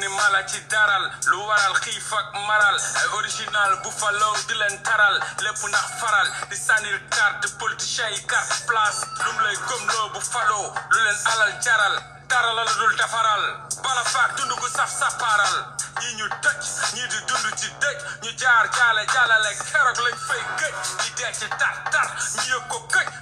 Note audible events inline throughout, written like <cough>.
ni mala ci daral lu waral xiif ak maral ay original bu di leen taral lépp ndax faral di sànnil carte politicien yi carte place lu lay gëmloo bu faloo lu leen alal jaral darala lu dul defaral bala faak dund gu saf saparal ñi ñu dëj ñi di dund ci dëj ñu jaar jaale jaalale keroog lañ fay gëj ñi dee ci tar tar ñu yëg ko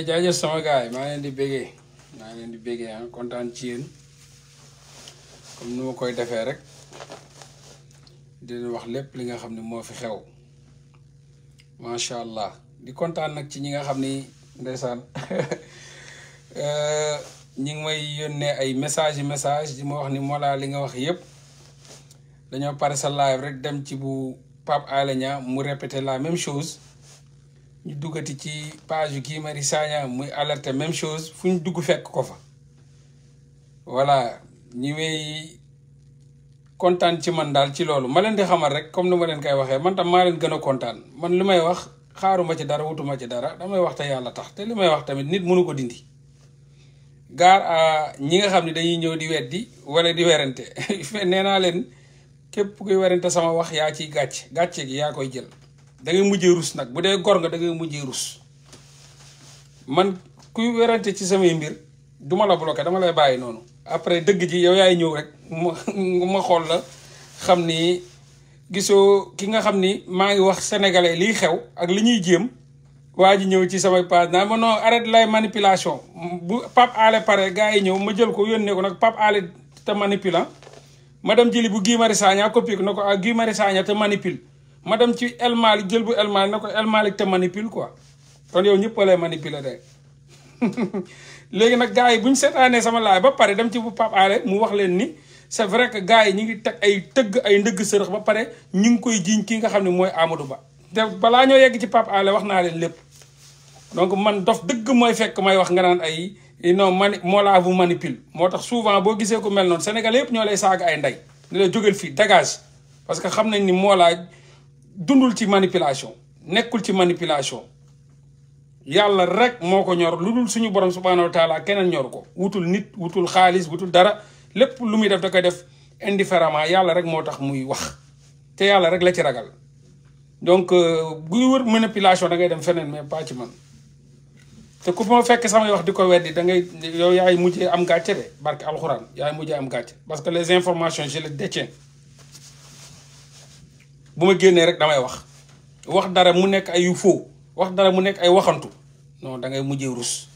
ok sama gars mana yang leen di yang maa ya di bëggee kamu mau ci itu comme nu koy defee rek di leen wax nga fi xew allah di kontan nak ci ñi nga xam ni ndeysaan <laughs> euh, ñi ngi may ay message message di mau wax ni Mollah li nga wax yépp dañoo pare sa live rek dem ci bu Pape Alé mu la même chose ñu duggati ci page yu Guy Marius muy alerte même chose fu ñu dugg fekk ko fa voilà ñu wey kontaan ci man daal ci loolu ma leen di xamal rek comme ni ma leen koy waxee man tam gën a kontaan man may wax xaaruma ci dara wutuma ci dara damay wax te yàlla tax te li may wax tamit nit mënu ko dindi gaar a ñi nga xam ne dañuy ñëw di weddi wala di werante <laughs> nee naa leen képp kuy werante sama wax yaa ciy gàcce gàcce gi yaa koy jël da ngay mujjee rus nag bu dee gor nga da ngay mujjee rus man kuy werante ci samay mbir duma la bloqué dama lay bàyyi noonu après dëgg ji yow yaay ñëw rek ma ma xool la xam ni gisoo ki nga xam ni maa ngi wax sénégalais liy xew ak li ñuy jéem waa ji ñëw ci samay page naa ma non arrête lay manipulation bu Pape Alé pare gaa yi ñëw ma jël ko yónnee ko nag Pape Alé te manipulant ah. ma dem jëli bu Guy Marius Sagna ko na ko ah Guy Marius te manipule ma dem ci El Malick jël bu El Malick ne ko El te manipule quoi kon yow ñëpp lay manipuler de <laughs> léegi nag gars yi bu ñu seetaanee sama laay ba pare dem ci bu Pape Alé mu wax leen ni c'est vrai que gars yi ñu ngi teg ay tëgg ay ndëgg sërëx ba pare ñu ngi koy jiiñ ki nga xam ne mooy Amadou Ba. te balaa ñoo yegg ci Pape Alé wax naa leen lépp donc man dof dëgg mooy fekk may wax nga naan ay non mani moo laa bu manipule moo tax souvent boo gisee ko mel noonu Sénégal yëpp ñoo lay saaga ay ndey. ne la jógeel fii dégage parce que xam nañ ni moo dundul ci manipulation nekkul ci manipulation yàlla rek moo ko ñor lu dul suñu borom subhaanahu wa keneen ñor ko wutul nit wutul xaalis wutul dara lépp lu muy def da koy def indifféremment yàlla rek moo tax muy wax te yàlla rek la ci ragal donc euh, buy wër manipulation da ngay dem feneen mais pas ci man te ku ma fekk wax di ko weddi da dangay yow yaay mujjee am gàcce de barke alxuraan yaay mujjee am gàcce parce que les informations je les détiens bu ma génnee rek damay wax wax dara mu nekk ay yu wax dara mu nekk ay waxantu non da ngay mujjee rus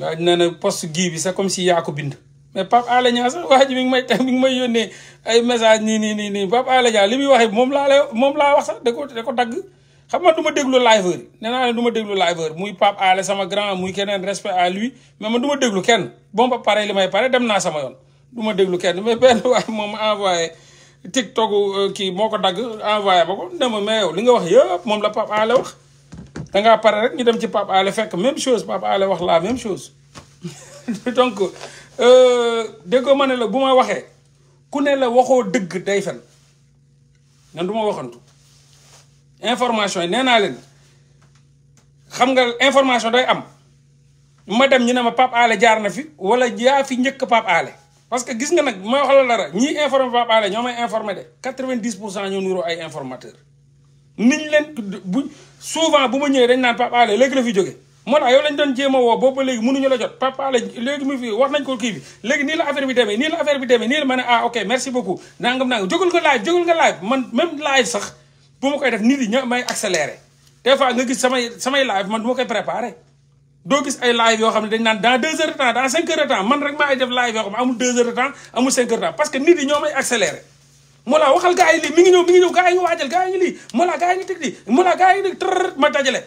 waa nee na poste gii bi c'est comme si yaa ko bind mais Pape Alé Niang sax waa ji mi ngi may mi yónnee ay message nii nii nii nii Pape Alé Niang li muy waxee moom laa lay moom laa wax sax da ko dagg xam nga du ma déglu liveur yi nee naa ne muy Pape Alé sama grand muy keneen respect à lui mais man du déglu kenn bon ba pare li may pare dem naa sama yoon du ma déglu kenn mais benn waaye moom envoyé TikTok uh, kii moo ko dagg envoyé ba ko ne ma mais yow li nga wax yëpp moom la Pape Alé wax da pare rek ñu dem ci Pape Alé fekk même chose Pape wax laa même chose <laughs> donc euh, déggoo ma ne la bu ma waxee ku ne la waxoo dëgg day fen nan du ma waxantu information yi nee naa leen xam nga information day am ma dem ñu ne ma Pape jaar na fi wala yaa fi njëkk Pape parce que gis nga nag ma wax la dara ñii informé Pape Alé ñoo may informé de pour cent ñoo nuroo ay informateur niñ leen bu souvent bu ma ñëwee dañ naan Pape Alé léegi la fi jóge moo tax yow lañ doon jéem a woo boobu ba léegi mënuñu la jot Pape Alé léegi mu fi wax nañ ko kii bi léegi nii la affaire bi demee nii la affaire bi demee nii la ma ne ah ok merci beaucoup nangam nangam jógal nga live jógal nga live man même live sax bu ma koy def nit yi ñoo may accéléré des fois nga gis samay samay live man du koy préparé doo gis ay live yoo xam ne dañ naan dans deux heures de temps dans cinq de temps man rek maa ay def live yoo xam ne amul deux heures de temps parce que nit ñoo may accéléré moo laa waxal gaa yi lii mi ngi ñëw mi ngi ñëw gaa yi ngi waajal gaa yi ngi lii moo laa gaa yi ngi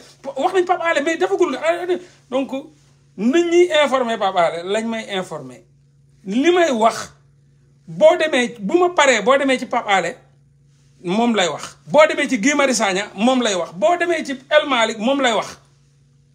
wax nañ Pape Alé mais defagul donc nit ñuy informé Pape lañ may informé li may wax boo demee bu ma paree boo demee ci Pape Alé moom lay wax boo demee ci Guy Marius Sagna moom lay wax boo demee ci El Malick moom lay wax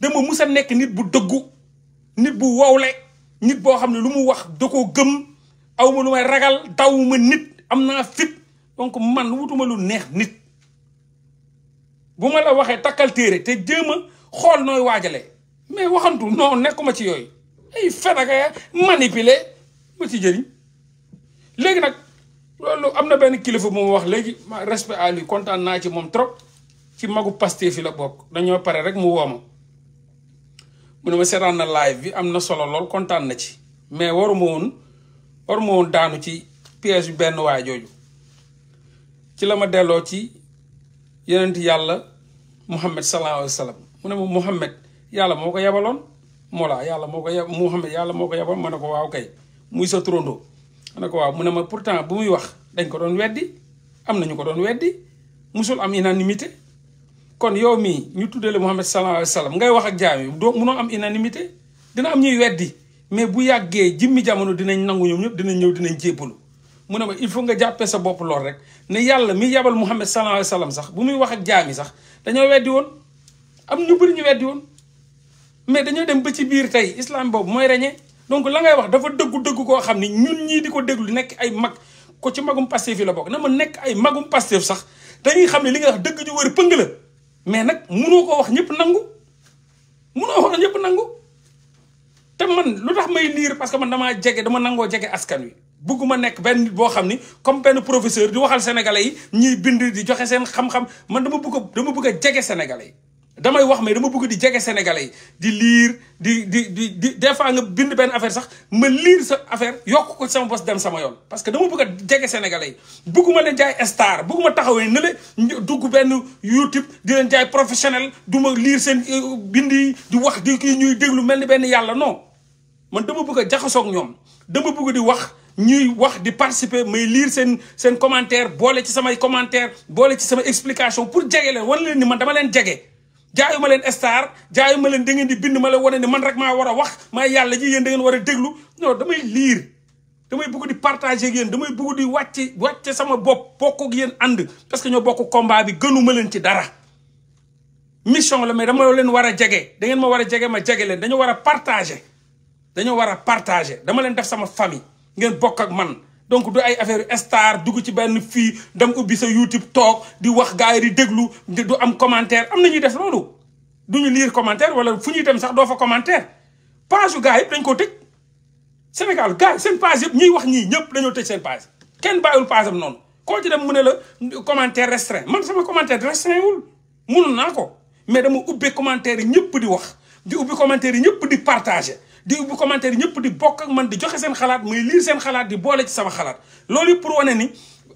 dama mus a nekk nit bu dëggu nit bu wowle nit boo xam ne lu mu wax da koo gëm aw ma lu may ragal daw ma nit am naa fit donc man wutuma lu neex nit bu ma la waxee takkal téere te jéem a xool nooy waajale mais waxantu non nekkuma ci yooyu ay fen ak manipuler ma ci jëriñ léegi nag loolu am na benn kilifa bu ma wax léegi ma respect à lui kontaan naa ci moom trop ci magu Pastef fi la bokk dañoo pare rek mu wooma mu ne ma seetaan na live bi am na solo lool kontaan na ci mais waruma woon waruma woon daanu ci piège bu benn waay jooju ci la ma delloo ci yeneen yonent yàlla Muhammad sallallahu alayhi wa sallam mu ne ma Muhammad yàlla moo ko yebaloon Mola yàlla moo ko yeb Muhammad yàlla moo ko yebaloon ma ne ko waaw kay muy sa turandoo ma ne ko waaw mu ne ma pourtant bu muy wax dañ ko doon weddi am na ñu ko doon weddi musul am unanimité kon yow mii ñu tuddale Muhammad sallallahu alayhi wa sallam ngay wax ak jaam yi doo munoo am unanimité dina am ñuy weddi mais bu yàggee jimmi jamono dinañ nangu ñoom ñëpp dinañ ñëw dinañ jéppalu mu ne ma il faut nga jàppee sa bopp lool rek ne yàlla mi yabal Muhammad sallallahu alayhi wa sallam sax bu muy wax ak jaam yi sax dañoo weddi woon am ñu bëri ñu weddi woon mais dañoo dem ba ci biir tey islam boobu mooy reñee donc la ngay wax dafa dëggu dëggu koo xam ni ñun ñii di ko déglu nekk ay mag ko ci magum Pastef yi la bokk na ma nekk ay magum Pastef sax dañuy xam ne li nga wax dëgg ju wër pëng la mais nag munoo ko wax ñëpp nangu munoo wax ñëpp nangu te man lu tax may niir parce que man damaa jege dama nangoo jege askan wi bugguma nekk benn nit boo xam ni comme benn professeur di waxal sénégalais yi ñuy bind di joxe seen xam-xam man dama bëgg a dama bëgg a jege sénégalais yi damay wax mais dama bëgg di jégué sénégalais di lire di di di di des fois nga bind ben affaire sax ma lire sa affaire yok ko sama boss dem sama yoon parce que dama bëgg a jege sénégalais yi bëgguma leen jaay star bëgguma taxawé ne le dugg ben youtube di len jaay professionnel duma lire sen euh, bind yi di wax di ki ñuy déglu melni ben yalla non man dama bëgg a ak ñom dama bëgg di wax ñuy wax di participer may lire sen sen commentaire bolé ci sama commentaire bolé ci sama explication pour jégué leen wan leen ni man dama len jégué jaayuma len star jaayuma len da ngeen di bind mala leen wane man rek ma wara wax ma yalla ji yeen da ngeen wara deglu non damay lire damay bëgg di partager ak yeen damay bëgg di wacc wacc sama bop bokk ak yeen and parce que ño bokk combat bi gënuma len ci dara mission la mais dama leen war a jege da ngeen ma wara jégué ma jégué len dañu wara partager dañu wara partager dama len def sama famille ngeen bokk ak man donc du ay affaire star dugg ci benn fii dem ubbi sa YouTube toog di wax gars yi di déglu du am commentaire am na ñuy def loolu du ñu liir commentaire wala fu ñuy dem sax doo fa commentaire page yu gars yëpp dañ koo tëj Sénégal gars yi seen page yëpp ñuy wax ñii ñëpp dañoo tëj seen page kenn bàyyiwul page am noonu koo ci dem mu ne la commentaire restreint man sama commentaire restreint wul mënoon naa ko mais dama ubbi commentaire yi ñëpp di wax di ubbi commentaire yi ñëpp di partager di ubbi commentaire ñëpp di bokk ak man di joxe seen xalaat muy lire seen xalaat di boole ci sama xalaat loolu pour wane ni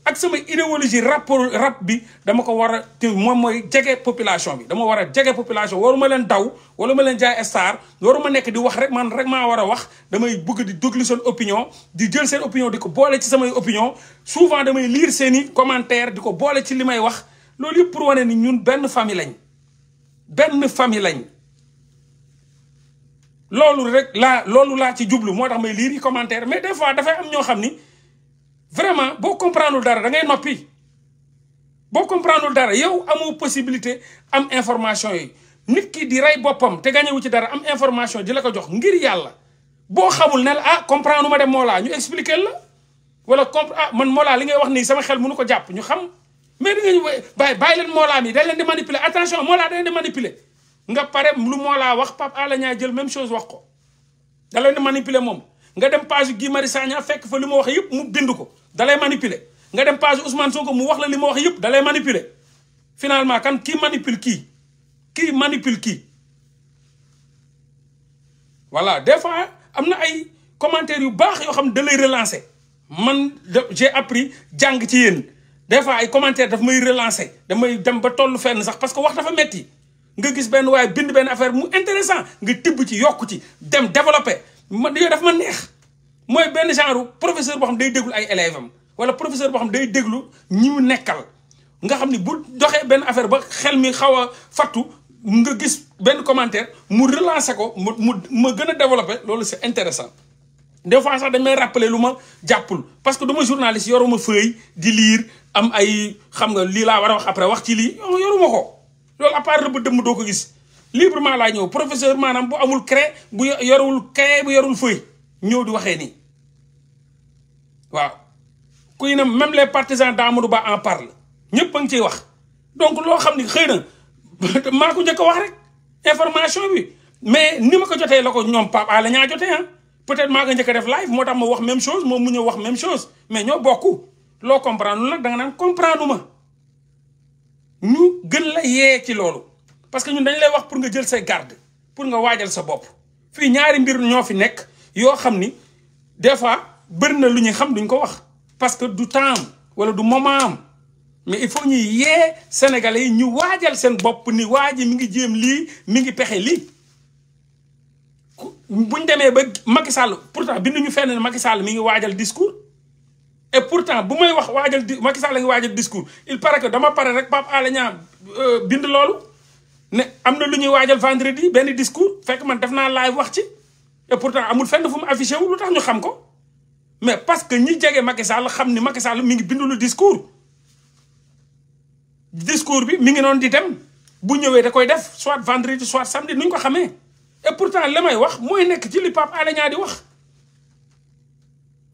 ak sama idéologie rap rap bi dama ko war a te moom mooy jege population bi dama war a jege population waruma leen daw wala ma leen jaay star waruma nekk di wax rek man rek maa war a wax damay bëgg di déglu seen opinion di jël seen opinion di ko boole ci samay opinion souvent damay lire seen i commentaire di ko boole ci li may wax loolu yëpp pour wane ni ñun benn famille lañ benn famille lañ loolu rek laa loolu laa ci jublu moo tax may lire les commentaires. mais des fois dafay am ñoo xam ni vraiment boo comprendre dara da ngay noppi boo comprendre dara yow amou possibilité am information yi nit ki di rey boppam te gañewu ci dara am information di la ko jox ngir yàlla boo xamul ne ah comprendre ma dem Mollah ñu expliquer la wala compre ah man Mollah li ngay wax nii sama xel mënu ko jàpp ñu xam mais da nga ñu bàyyi bàyyi leen Mollah mi dañ leen di manipuler attention Mollah dañ di manipuler nga paré lu mo la wax pap Alé Niang jël même chose wax ko dalay manipuler mom nga dem page Guy Marius Sagna fekk fa li ma wax yëpp mu bind ko dalay manipuler nga dem page Ousmane Sonko mu wax la li ma wax yëpp dalay manipuler finalement kan ki manipule kii kii manipule kii voilà des fois amna ay commentaires yu bax yo xam ne lay relancer man j'ai appris jàng ci yéen des fois ay commentaires daf may relancer damay dem ba tollu fenn sax parce que wax dafa metti nga gis benn waaye bind benn affaire mu intéressant nga tibb ci yokku ci dem développé man yooyu daf ma neex mooy benn genre professeur boo xam day déglu ay élèves wala professeur boo xam day déglu ñi mu nekkal nga xam ni bu doxee benn affaire ba xel mi xaw a fattu nga gis benn commentaire mu relancer ko mu mu ma gën a développé loolu si intéressant des fois sax dañ may rappeler lu ma jàppul parce que du ma journaliste yoruma feuille di liir am ay xam nga lii laa war a wax après wax ci lii yoruma ko loolu à part rëbb dëmm doo ko gis librement laa ñëw professeur maanaam bu amul craie bu yorul cahier bu yorul feuille ñëw di waxee nii waaw kuy na même les partisans d'Amadou Ba en parlent ñëpp a ngi ciy wax donc loo xam ni xëy na <laughs> maa ko njëkk wax rek information bi mais ni ma ko jotee la ko ñoom Pape Alé ñaa jotee ah peut-être maa ko njëkk def live moo tax ma wax même chose moom mu ñëw wax même chose mais ñoo bokku loo comprendre nag da nga naan comprendre ma ñu gën la yee ci lolu parce que ñun dañ lay wax pour nga jël say garde pour nga wajal sa bop fi ñaari mbir ñoo fi nek, yo xamni des fois bëri na lu ñuy xam duñ ko wax parce que du temps wala du moment mais il faut ñuy yee sénégalais ñu wajal sen bop ni waji mi ngi jëm li mi ngi pexé li buñ démé ba Macky Sall pourtant bindu ñu fenn Macky Sall mi ngi wajal discours et pourtant bu may wax waajal di Macky Sall la ngi waajal discours il paraît que dama pare rek Pape Alé Niang euh, bind loolu ne am na lu ñuy waajal vendredi benn discours fekk man def naa laay wax ci et pourtant amul fenn fu mu affiché wu lu tax ñu xam ko mais parce que ñi jege Macky Sall xam ni Macky Sall mi ngi bindu lu discours discours bi mi ngi noon di dem bu ñëwee da koy def soit vendredi soit samedi nu ñu ko xamee et pourtant li may wax mooy nekk ci li Pape Alé Niang di wax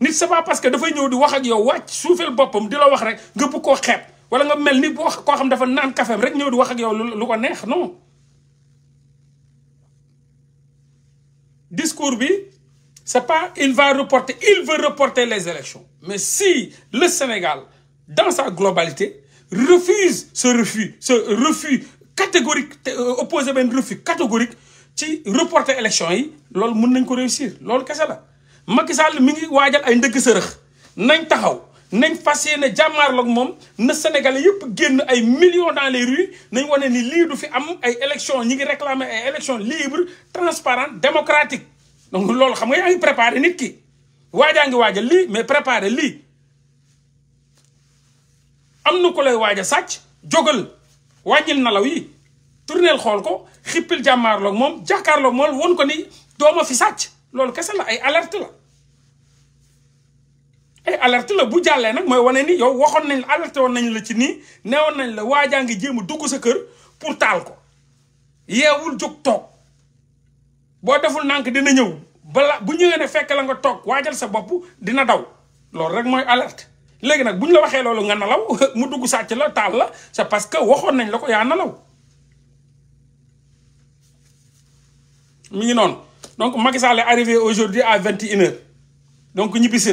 ne c'est pas parce que des ñeu di wax ak yow wacc suufeel bopam di la wax rek nga wala nga mel ni xam dafa nan café rek ñeu di wax ak yow neex non discours bi c'est pas il va reporter il veut reporter les élections mais si le Sénégal dans sa globalité refuse ce refus ce refus catégorique euh, opposé ben refus catégorique ci reporter élections yi lool mën nañ ko réussir lool la Macky Sall mi ngi waajal ay ndëgg sërëx nañ taxaw nañ fas jàmmaar jàmmaarloog moom na Sénégalais yëpp génn ay millions dans les rues nañ wane ni lii du fi am ay élections ñi ngi réclamer ay élections libres transparentes démocratiques donc loolu xam nga yaa ngi préparé nit ki waajaa ngi waajal lii mais préparé lii am na ko lay waaj a sàcc jógal wàññil nalaw yi tourneel xool ko xippil jàmmaarloog moom jàkkaarloog moom won ko ni dooma fi sàcc loolu kese la ay alerte la Eh, alerte le bu jalle nak moy ni yow waxon nañ la nañ la ci nañ la sa pour tal ko yewul tok bo deful nank dina ñew bu ne fekk la nga sa dina daw rek alerte légui nak buñ la loolu <laughs> mu la c'est parce que waxon nañ la ko nalaw donc Macky est arrivé aujourd'hui à 21h. donc ñibbisi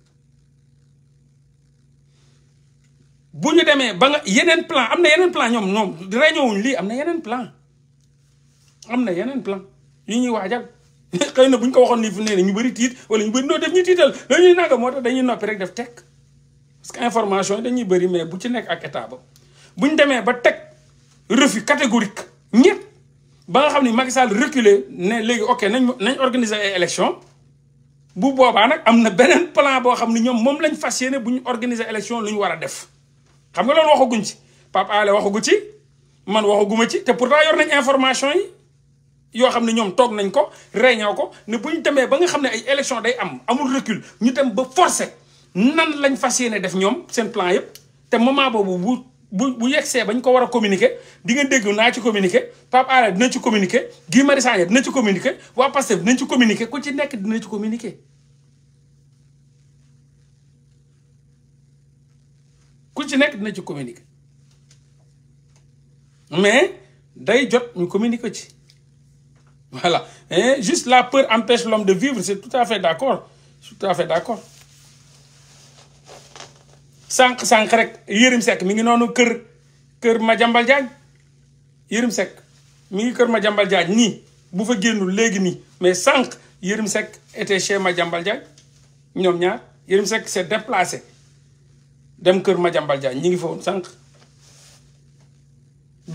bu ñu demee ba nga yeneen plan am na yeneen plan ñoom ñoom réunion wuñ lii am na yeneen plan am na yeneen plan yu ñuy waajal <laughs> xëy na bu ñu ko waxoon nii fu nee ne ñu bëri tiit wala ñu bëri noo def ñu tiital dañuy nanga moo tax dañuy noppi rek def teg parce que information yi dañuy bëri mais bu ci nekk ak état ba bu ñu demee ba teg refus catégorique ñëpp ba nga xam ni Macky Sall reculé ne léegi ok nañ nañ organiser ay élection bu boobaa nag am na beneen plan boo xam ne ñoom moom lañ fas yéene bu ñu organiser élection lu ñu war a def xam nga loolu waxaguñ ci Pape Alé waxagu ci man waxaguma ci te pour pourtant yor nañ information yi yoo xam ne ñoom toog nañ ko réñoo ko ne bu ñu demee ba nga xam ne ay élection day am amul recul ñu dem ba forcé nan lañ fas yéene def ñoom seen plan yëpp te moment boobu bu bu bu yegsee bañ ko war a communiquer di nga naa ci communiquer Pape Alé dina ci communiquer Guy Marius Sagna dina ci communiquer waa Pastef dinañ ci communiquer ku ci nekk dina ci communiqué ku ci nekk dina ci mais d'ailleurs jot ñu communiquer voilà et juste la peur empêche l'homme de vivre c'est tout à fait d'accord tout à fait d'accord sànq sànq rek Yérim Seck mi ngi noonu kër ma Madiambal Diagne Yérim Seck mi ngi ma Madiambal Diagne ni bu fa génnul léegi ni mais sànq Yérim Seck était chez Madiambal Diagne ñoom ñaar Yérim Seck s'est déplacé dem kër Madiambal Diagne ñi ngi fa woon sànq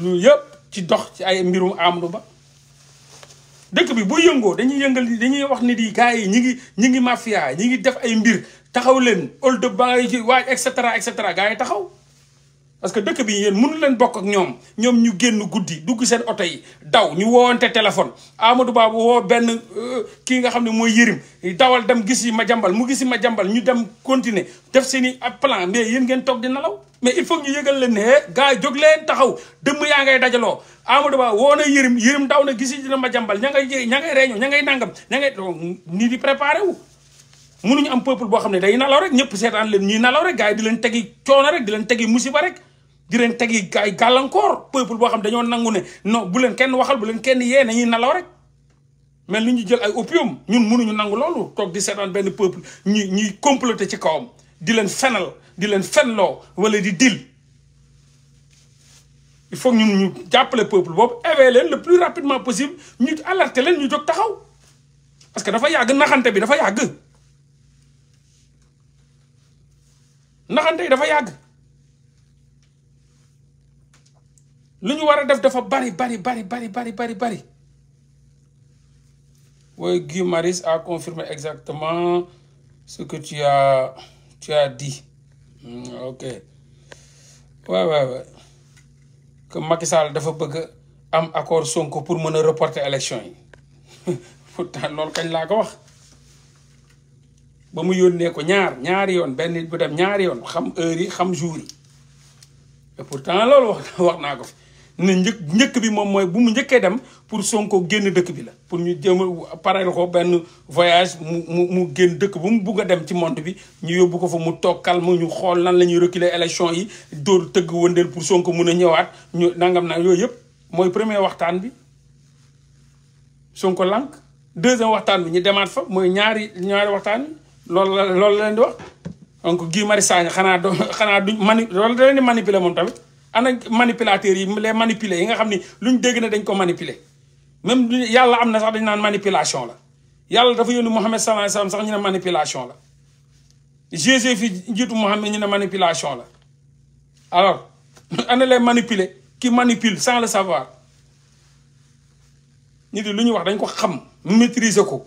lu yëpp ci dox ci ay mbirum Amadou Ba dëkk bi bu yëngoo dañuy yëngal dañuy wax nit di gars yi ñi ngi ñi ngi mafia ñi ngi def ay mbir taxaw leen hold-up ba ngay ci waaj et cetera et cetera gars yi taxaw parce que dëkk bi mun mënu leen bokk ak ñoom ñoom ñu génn guddi dugg seen oto yi daw ñu woowante téléphone Amadou Ba woo benn euh, kii nga xam ne mooy yërim dawal dem gis yi ma jàmbal mu gis yi ma jàmbal ñu dem continuer def seen i plan mais yéen ngeen toog di nalaw mais il faut ñu yëgal leen ne eh, gars yi leen taxaw dëmm yaa ngay dajaloo Amadou Ba woo na yërim yërim daw na gis yi dina ma jàmbal ña ngay ña ngay réunion ña ngay nangam ña ngay nii di préparé wu mënuñu am peuple boo xam ne day nalaw rek ñëpp seetaan leen ñuy nalaw rek gars yi di leen tegi coono rek di leen tegi musiba rek di leen tegi gars yi gàllankoor peuple boo xam dañoo nangu ne non bu leen kenn waxal bu leen kenn yee nañuy rek mel ni ñu jël ay opium ñun mënuñu nangu loolu di seetaan benn peuple ñuy ñuy comploter ci kawam di leen fenal di leen fenloo wala di dil il faut ñun ñu jàppale peuple boobu éveiller leen le plus rapidement possible ñu alerter leen ñu jóg taxaw parce que dafa yàgg naxante bi dafa yàgg naxante dafa yàgg lu ñu war a def dafa bari bari bari bari bari bari bari oui Guy Marius a confirmé exactement ce que tu as tu as dit hmm, ok waaw waaw waaw que Macky Sall dafa bëgg am accord Sonko pour mën reporter élection yi <laughs> pourtant loolu kañ laa ko wax. ba mu yónnee ko ñaar ñaari yoon benn nit bu dem ñaari yoon xam heure yi xam jour yi et pourtant loolu <laughs> wax naa ko fi ne njëkk njëkk bi moom mooy bu mu njëkkee dem pour Sonko génn dëkk bi la pour ñu jéem a pareel ko benn voyage mu mu mu génn dëkk bu mu bugg a dem ci monde bi ñu yóbbu ko fa mu toog calme ñu xool nan la ñuy reculer élection yi dóor tëgg wëndeel pour Sonko mun a ñëwaat ñu nangam na yooyu yëpp mooy premier waxtaan bi Sonko lànk deuxième waxtaan bi ñu demaat fa mooy ñaari ñaari waxtaan loolu la loolu la leen di wax donc Guy Marius Sagna xanaa do <laughs> xanaa du mani loolu da leen moom tamit ana manipulateurs yi les manipuler yi nga xam ni ñu dégg ne dañ ko manipuler même yàlla am na sax dañ naan manipulation la yàlla dafa yónni Muhammad sallallahu alayhi wasallam sax ñu ne manipulation la Jésus fi njiitu Muhammad ñu ne manipulation la alors <laughs> ana les manipuler qui manipule sans le savoir ñu di lu ñu wax dañ ko xam maîtriser ko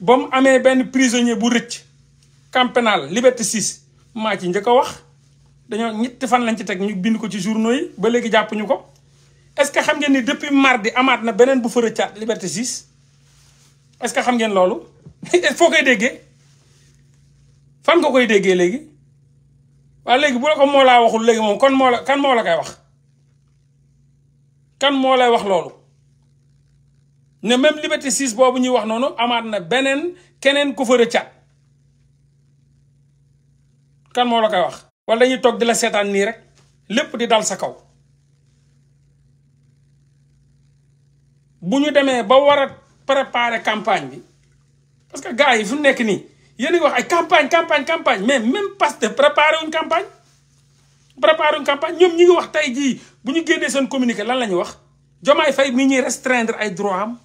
ba mu amee benn prisonnier bu rëcc camp pénal liberté 6 maa ci njëkk a wax dañoo ñetti fan lañ ci teg ñu bind ko ci journaux yi ba léegi jàppuñu ko est-ce que xam ngeen ni depuis mardi amaat na beneen bu fa rëccaat liberté 6 est-ce que xam ngeen loolu <laughs> foo koy déggee fan nga koy déggee léegi waaye léegi bu la ko moo laa waxul léegi moom kon moo la kan moo la koy wax kan moo lay wax loolu ne même liberté 6 nono ñi wax nonu amat na benen kenen ku feure kan mo la kay wax wala dañuy tok di la seetaan rek lepp di dal sa kaw bu ñu demee ba wara préparer campagne bi parce que gars yi fu nekk ni yéen wax ay campagne campagne campagne mais même de préparer une campagne préparer une campagne ñom ñi ngi wax tay ji bu ñu génnee seen lan la wax jomay fay mi ñi restreindre ay droits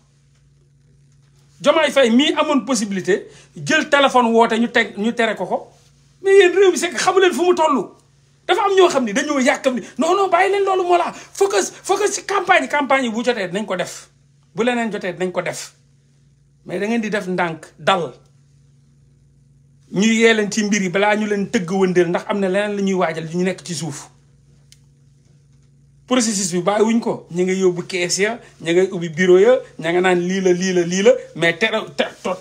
Jomaay fay mii amoon possibilité jël téléphone woote ñu teg ñu tere ko ko mais yéen réew mi c'est que xamu leen fu mu toll. dafa am ñoo xam ni dañoo yàkkam ni non bàyyi leen loolu moo la focus focus ci campagne campagne yi bu jotee dinañ ko def bu leneen jotee dinañ ko def mais da ngeen di def ndànk dal ñuy yee leen ci mbir yi balaa ñu leen tëgg wëndeel ndax am na leneen la ñuy waajal ñu nekk ci suuf. processus bi bàyyi wuñ ko ñi nga yóbbu kees ya ña ngay ubbi bureau ya ña nga naan lii la lii la lii la mais te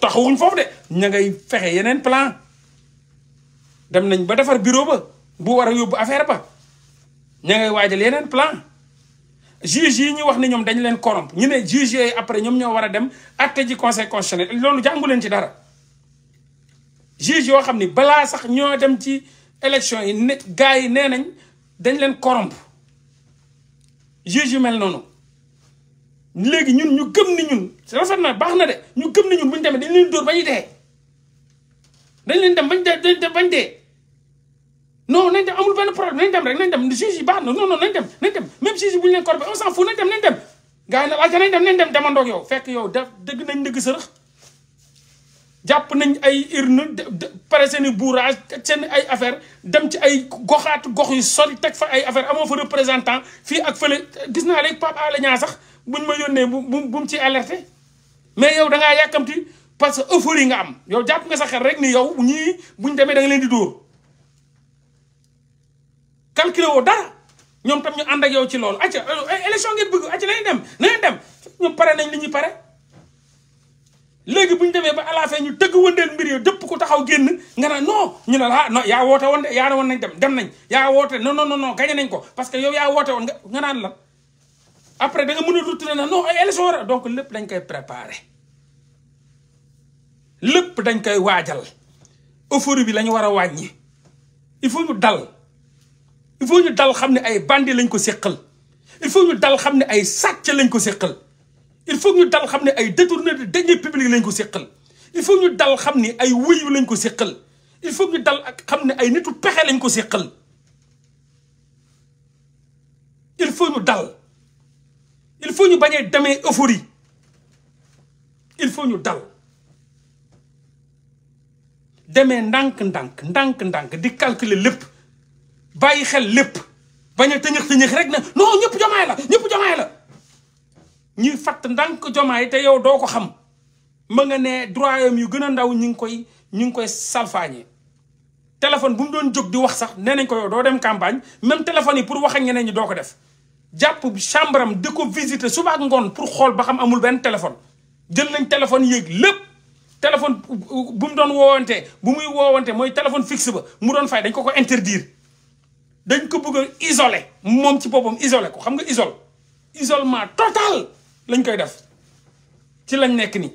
taxawuñ foofu de ña ngay fexe yeneen plan dem nañ ba defar bureau ba bu war a yóbbu affaire ba ña ngay waajal yeneen plan juge yi ñu wax ne ñoom dañ leen corrompre ñu ne juge yooyu après ñoom ñoo war a dem atte ji conseil constitutionnel loolu jàngu leen ci dara juge yoo xam ni balaa sax ñoo dem ci élection yi gars yi nee nañ dañ leen corrompre juge yu mel noonu léegi ñun ñu gëm ni ñun rafet na baax na de ñu gëm ni ñun bu demee dañ leen dóor bañu dee dañ leen dem bañ dee dem bañ dee non nañ dem amul benn problème nañ dem rek nañ dem juge yi baax na non non nañ dem nañ dem même juge yi bu ñu leen corbe on s'en nañ dem nañ dem gars yi na laajte nañ dem nañ dem demandoog yow fekk yow def dëgg nañ ndëgg sërëx jàpp nañ ay urne pare seen i bourrage teg seen ay affaire dem ci ay goxaatu gox yu sol teg fa ay affaire amoo fa représentant fii ak fële gis naa léegi Pape Alé Niang sax buñ ma yónnee bu bu bu mu ciy mais yow da yàkkamti parce que euphorie nga am yow jàpp nga sa xel rek ni yow ñii buñ demee da nga leen di woo dara ñoom tam ñu ànd ak yow ci loolu acca euh, élection ngeen bëgg acca nañ dem nañ dem ñoom pare nañ li ñuy pare léegi bu ñu demee ba à la fin ñu tëgg wëndeel mbir yo dëpp ko taxaw génn nga ne non ñu ne la ah non yaa woote woon de yaa ne woon nañ dem dem nañ yaa woote non non non gañe nañ ko parce que yow yaa woote woon nga nga naan la après da nga mën a dut ne non ay élection war donc lépp dañ koy préparé lépp dañ koy waajal euphorie bi la war a wàññi il faut ñu dal il faut ñu dal xam ne ay bandi lañ ko séqal il faut ñu dal xam ne ay sàcc lañ ko séqal il faut ñu dal xam ne ay détourné de deniers publics lañ ko séqal il faut ñu dal xam ne ay wuyu lañ ko séqal il faut ñu dal ak xam ne ay nitu pexe lañ ko séqal il faut ñu dal il faut ñu bañee demee euphorie il faut ñu dal demee ndànk-ndànk ndànk-ndànk di calculer lépp bàyyi xel lépp bañ a tëñëx tëñëx rek na non ñëpp jomaay la ñëpp jomaay la ñuy fatt ndànk jomaay te yow doo ko xam ma nga ne droit yam yu gën a ndaw ñu ngi koy ñu ngi koy salfaañee téléphone bu mu doon jóg di wax sax nee nañ ko yow doo dem campagne même téléphone yi pour wax ak ñeneen ñi doo ko def jàpp chambre am di ko visiter suba ak ngoon pour xool ba xam amul benn téléphone jël nañ téléphone yéeg lépp téléphone bu mu doon woowante bu muy woowante mooy téléphone fixe ba mu doon fay dañ ko ko interdire dañ ko bëgg a isolé moom ci boppam isolé ko xam nga isol isolement total lañ koy def ci lañ nekk ni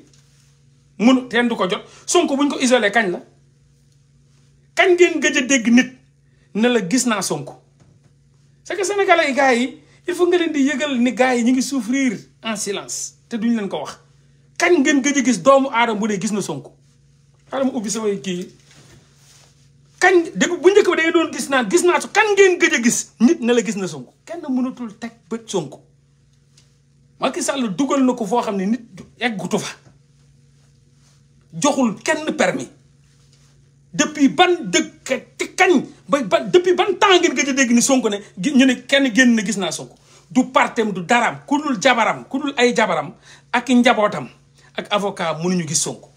mun teen du ko jot Sonko buñ ko isolé kañ la kañ ngeen gëj a dégg nit ne la gis naa Sonko c'est que sénégalais yi gars yi il faut nga leen di yëgal ni gars yi ñu ngi souffrir en silence te duñ leen ko wax kañ ngeen gëj a gis doomu aadama bu ne gis na Sonko aadama ubbi samay kii kañ dégg bu njëkk ba da doon gis naan gis naa su kañ ngeen gëj a gis nit ne la gis na Sonko kenn mënatul teg bët Sonko Macky Sall dougal nit joxul permis depuis ban depuis ban temps ngeen Sonko ne ñu ne kenn gis Sonko du partem du daram kudul jabaram Kurul ay jabaram ak njabotam ak avocat gis Sonko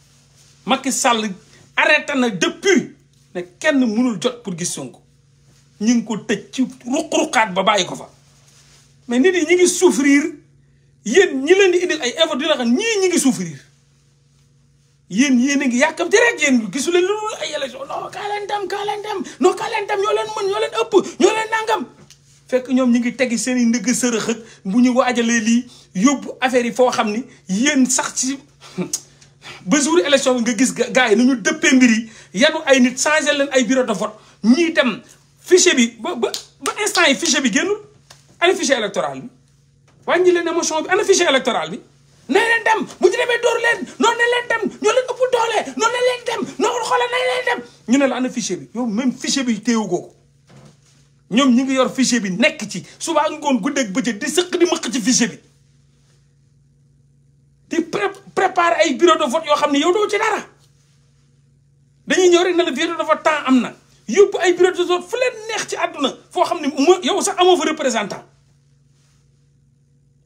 depuis ne kenn jot pour gis Sonko ko mais nit souffrir. yéen ñi leen di indil ay effort di la xam ñii ñi ngi souffrir yéen yéen a ngi yàkkamti rek yéen gisu leen lu ay élection non kaa leen dem kaa leen dem non kaa leen dem ñoo leen mën ñoo leen ëpp ñoo leen nangam fekk ñoom ñi ngi tegi seen i ndëgg sërëx bu ñu waajalee lii yóbbu affaire yi foo xam ni yéen sax ci <laughs> ba jour élection bi nga gis gars yi nu ñu dëppee mbir yi yanu ay nit changé leen ay bureau de vote ñii dem fichier bi ba ba ba instant yi fichier bi génnul ay fichier électoral bi wàññi leen émotion bi ana fichier électoral bi na leen dem bu ñu demee dóor leen noonu na leen dem ñoo leen ëpp doole noonu na leen dem noonu xoolal na leen dem ñu ne la ana fichier bi yow même fichier bi téewu ko ko ñoom ñi ngi yor fichier bi nekk ci suba ngoon guddeeg bëccëg di sëq di mëq ci fichier bi di préparer ay bureau de vote yoo xam ne yow doo ci dara dañuy ñëw rek ne la bureau de vote temps am na yóbbu ay bureau de vote neex ci àdduna foo xam ne yow sax amoo fa représentant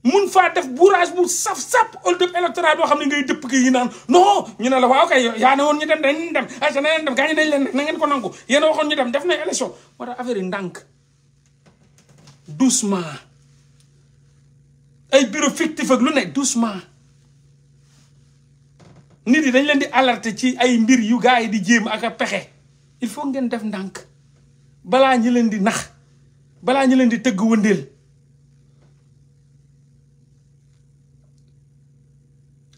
mun faa def bourrage bu saf sap hold up électoral boo xam ne ngay dëpp kii yi naan non ñu ne la waaw kay yaa ne woon ñu dem dañ dem ah, a waxoon ñu dem def na élection moo tax affaire yi ndànk doucement ay bureau fictif ak lu ne doucement nit yi dañ leen di alerter ci ay mbir yu gars yi di jéem ak a pexe il faut ngeen def ndànk balaa ñi leen di nax balaa ñi leen di tëgg wëndeel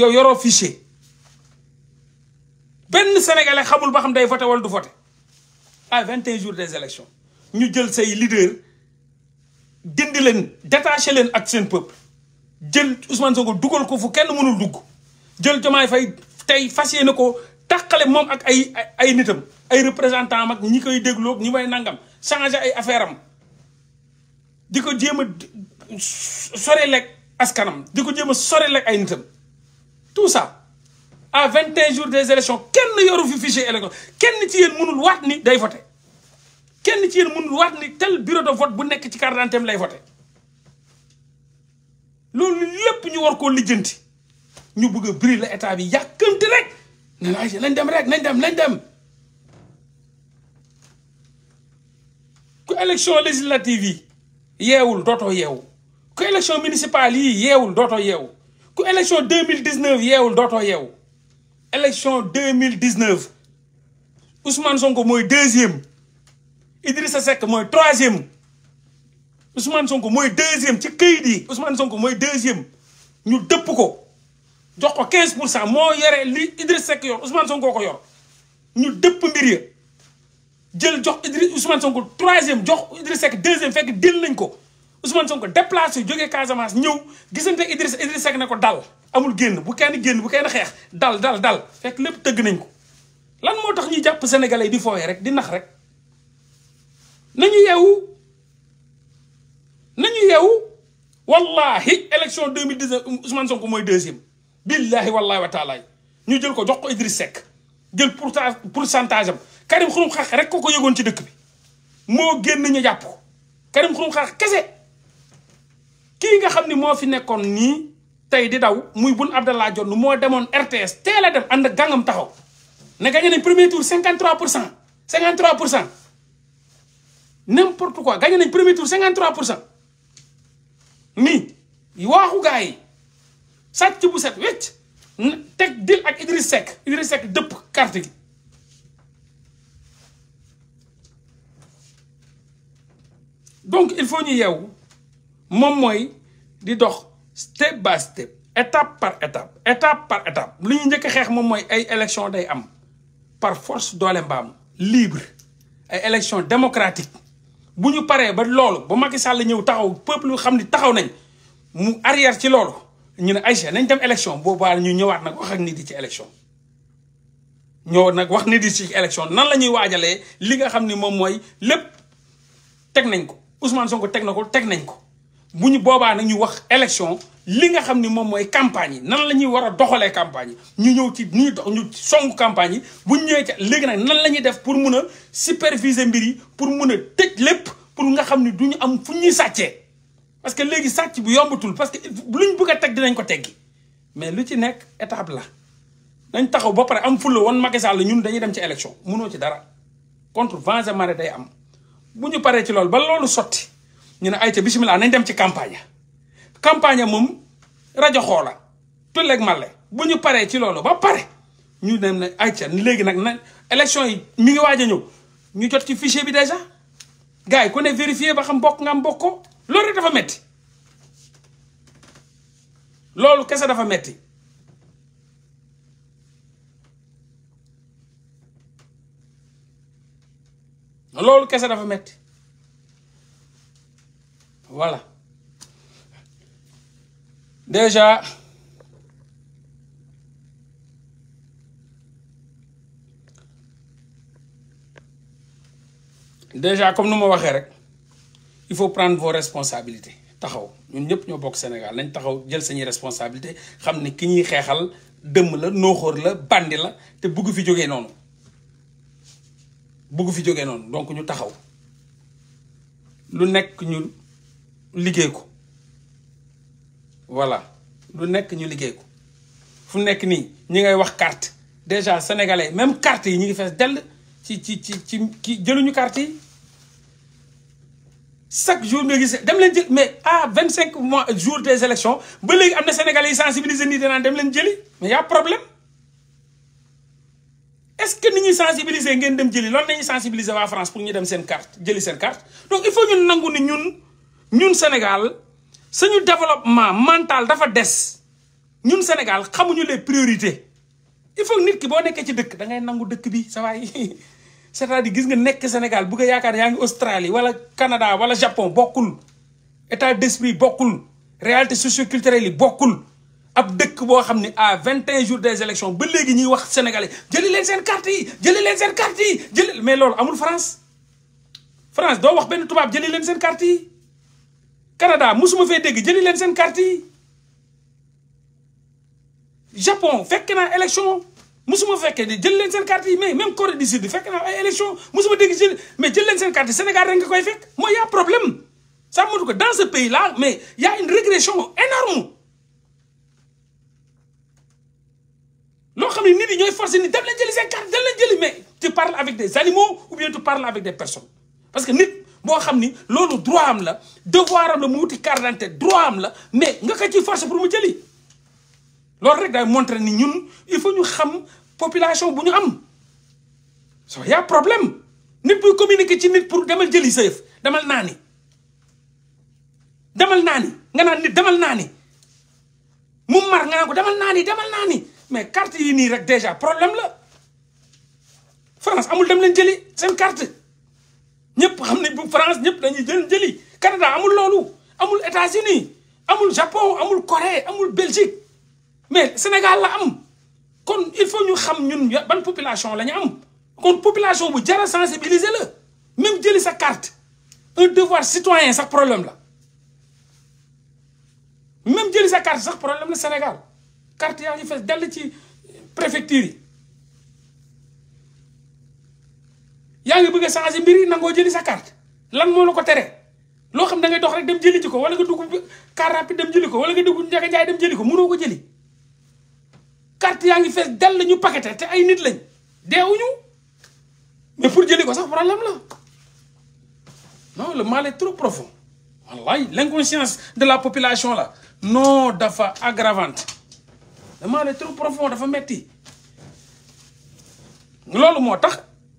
yow yoroo fichier benn sénégalais xamul ba xam day voté du voté à vingt et un jours des élections ñu jël say leader dindi leen détaché leen ak seen peuple jël Ousmane Sonko dugal ko fu kenn mënul dugg jël Diomaye fay tey fas yéene ko tàqale moom ak ay ay nitam ay représentants mag ak ñi koy dégloog ñi may nangam changé ay affaire am di ko jéem a sore askanam di ko jéem a sore ay nitam tout ça à 21 jours des élections kenn yoru fi fichier électoral kenn ci yéen mënul waat ni day voter kenn ci yéen mënul waat ni tel bureau de vote bu nek ci carte d'identité lay voté loolu lépp ñu war koo lijjanti ñu bëgg a brûler état bi yàkkamti rek ne laaj nañ dem rek nañ dem nañ dem ku élection législative yi yeewul dootoo yeewu ku élection municipale yi yeewul dootoo yeewu ku élection 2019, mille doto yew élection 2019, Ousmane Sonko mooy deuxième Idrissa Seck mooy troisième Ousmane Sonko mooy deuxième ci kayidi Ousmane Sonko mooy deuxième ñu dëpp ko jox ko 15 mo yoré li Idrissa Seck Ousmane Sonko ko yor ñu dëpp mbir ya jël jox Idrissa Ousmane Sonko troisième jox Idrissa Seck deuxième fekk dil nañ ko. Ousmane Sonko déplacé jógee Casamance ñëw gisante Idrissa Idrissa Seck ne ko dal amul génn bu kenn génn bu kenn xeex dal dal dal fekk lépp tëgg nañ ko lan moo tax ñu jàpp sénégalais di fooyee rek di nax rek nañu yeewu nañu yeewu wallahi élection 2019 Ousmane Sonko mooy deuxième billahi wallahi wa taala ñu jël ko jox ko Idriss Seck jël pour am Karim Xurum Xax rek ko ko yëgoon ci dëkk bi moo génn ñu jàpp ko Karim Xurum Xax kese ki nga xamni mo fi nekkon ni tay di daw muy bun Abdallah Dionne mo demone RTS teel a dem and gangam taxaw ne gagné nañ premier tour 53 53 n'importe quoi gagné nañ premier tour 53 pour cent nii waaxu gaa yi bu set wetch tek dil ak Idriss sek Idriss sek depp carte donc il faut ñu yeewu moom mooy di dox step by step étape par étape étape par étape li ñu njëkk xeex moom mooy ay élection day am par force doole mbaam libre ay élection démocratique bu ñu paree ba loolu ba Macky Sall ñëw taxaw pëpp yu xam ni taxaw nañ mu arrière ci loolu ñu ne ay Aïcha nañ dem élection boobaa ñu ñëwaat nag wax ak nit yi ci élection ñoo nag wax nit yi ci élection nan la ñuy waajalee li nga xam ni moom mooy lépp teg nañ ko Ousmane Sonko teg na ko teg nañ ko bu ñu boobaa nag ñu wax élection li nga xamni mom moy campagne nan lañuy wara war campagne ñu ñëw ci ñu dox ñu song campagne yi bu ñu ci légui nak nan lañuy def pour mëna superviser mbiri pour mëna tej tëj pour nga xamni duñu am fu ñuy sàccee. parce que légui sàcc bu yombatul parce que luñu bëgg tek dinañ ko teggi mais lu ci nek étape la nañ taxaw ba paré am fulla won Macky Sall ñun dañuy dem ci élection mëno ci dara contre vents et marées day am buñu paré ci lool ba loolu soti ñu ne ay ayca bisimilah nañ dem ci campagne campagne moom rajo xoola tulleeg male bu ñu paree ci loolu ba pare ñu dem ne ayca léegi nag na élection yi mu ngi waaj ñëw ñu jot ci fichier bi déjà gars yi ku ne vérifier ba xam bokk nga am bokkoo loolu rek dafa metti loolu kese dafa metti loolu kese dafa metti Voilà. Déjà, déjà comme nous ma rek il faut prendre vos responsabilités taxaw ñun ñëpp ñoo bokk Sénégal nañ taxaw jël sañuy responsabilité xam ne ki ñuy xeexal dëmm la nooxóor la bandi la te bugg fi jógee noonu bugg fi jógee noonu donc ñu taxaw lu nekk ñun voilà nous, sommes ñu nous ko fu carte déjà sénégalais même carte yi ils ngi fait carte chaque jour ils mais à 25 mois des élections ba les sénégalais sensibilisés sensibiliser il y a problème est-ce que ni sensibilisons sensibiliser ngeen dem sensibilisés France pour nous dem carte carte donc il faut que nous, nous, ñun Sénégal suñu développement mental dafa des ñun Sénégal xamuñu les priorités il faut nit ki bo nekkee ci dëkk da ngay nangu dëkk bi ça waay <laughs> c'est-à-dire gis nga nekk Sénégal bu ko yaakaar ya nga Australie wala Canada wala Japon bokul état d'esprit bokul, réalité socioculturelle bokul ab dëkk bo xamni à 21 jours des élections ba légui ñi wax sénégalais jëli leen sen carte yi jëli leen sen carte yi jëli mais lool amul France France do wax ben tubaab jëli leen sen carte yi Canada musuma fe dégg jëli leen seen carte yi Japon fekk na élection musuma fekkee ne jël leen seen carte yi mais même Corée du Sud fekk na ay élection musuma dégg jël mais jël leen seen carte Sénégal rek nga koy fekk y' a problème ça montre que dans ce pays là mais y' a une régression énorme lo xamni nit yi ñooy forcer ni dem leen jëli sen carte dem leen jëli mais tu parles avec des animaux ou bien tu parles avec des personnes parce que nit boo xam droit devoir am droit mais nga ko force pour mu jëli loolu montrer il faut ñu la population bu y a problème communiquer pour que jëli sa yëf nani. naa nani. nga mar nga mais carte yi ni rek déjà problème la France amul dem carte nous xam ne bu France ñëpp dañuy jël jëli Canada amul loolu les États-Unis amul Japon amul Corée amul Belgique mais Sénégal la am il faut ñu xam ñun ban population la population bu devez sensibiliser le même jëli sa carte un devoir citoyen sax problème la même jëli sa carte sax problème la Sénégal carte yaa la fees dell ci préfecture Yang ibu bëgg a changer mbiri nango jëli sa carte lan mo la ko téré lo xam da ngay dox rek dem jëli ci ko wala nga dugg carte rapide dem jëli ko wala nga dugg Ndiaga jaay dem jëli ko mëno ko jëli carte yaa ngi fees dal la ñu paqueté té ay nit lañ ñu mais pour jëli ko sax problème la non le mal est trop profond wallahi l'inconscience de la population là non dafa aggravante le mal est trop profond dafa metti lolu motax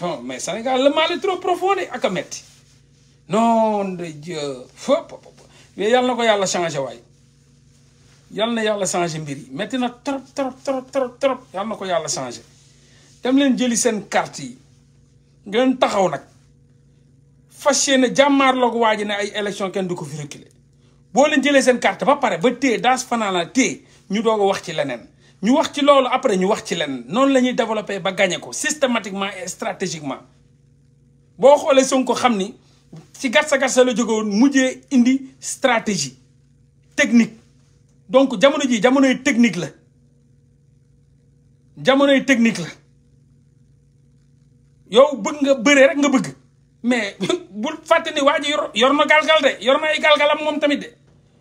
non mais Sénégal la mal est trop profond de ak metti non de fop mais yàlla na yàlla changé waay yàlla na yàlla changé mbir yi metti na trop trop trop trop trop na ko yàlla changé dem leen jëli seen carte yi ngeen taxaw nag fas yéene jàmmaarloog waa ji ne ay élection kenn du ko fi reculer boo leen jëlee seen carte ba pare ba téye daas fanaan la ñu doog wax ci leneen ñu wax ci loolu après ñu wax ci lenn non lañuy développer ba gagner ko systématiquement et stratégiquement bo xolé Sonko xam ni ci gatsa gatsa la jóge mujjé indi stratégie technique donc jamono ji jamono technique la jamono technique la yow bëgg nga bëré rek nga bëgg mais me <laughs> fàtte ni waa yor na galgal de yor na ay galgalam mom tamit de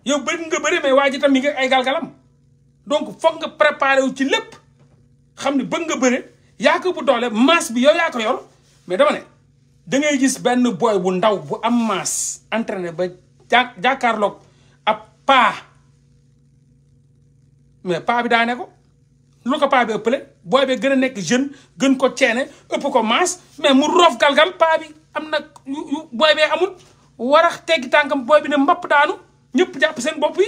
yow bëgg nga bëré mais waji tamit nga ay galgalam donc foog nga préparé wu ci lépp xam ne bëgg nga bëre yaa ko bu doole masse bi yow yaa ko yor mais dama ne da ngay gis benn booy bu ndaw bu am masse entraîné ba ja jàkkaarloog ab paa mais paa bi daane ko lu ko paa bi ëppale booy gën a nekk jeune gën ko ceene ëpp ko masse mais mu roof galgal paa bi am na yu booy bee war a teggi tànkam booy bi ne mbapp daanu ñëpp jàpp seen bopp yi.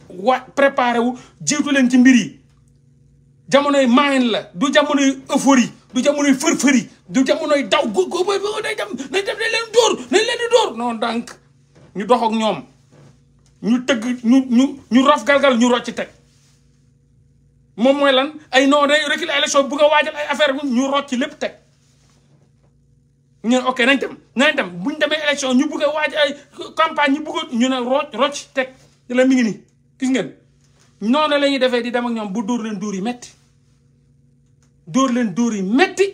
wa préparé wu jiitu leen ci mbir yi jamonoy maayen la du jamonoy euphorie du jamonoy fërfëri du jamonoy daw gu gu day dem day dem dañ leen dóor dañ leen di dóor non donc ñu dox ak ñoom ñu tëgg ñu ñu ñu raf galgal ñu rocc teg moom mooy lan ay non day reculer élection bu nga waajal ay affaire ñu rocc lépp teg ñu ne nañ dem nañ dem buñ demee élection ñu bëgg waaj ay campagne ñu bëgg ñu ne rocc rocc teg la mi ngi gis ngeen noonu la ñuy defee di dem ak ñoom bu dóor leen dóor yi metti dóor leen dóor yi metti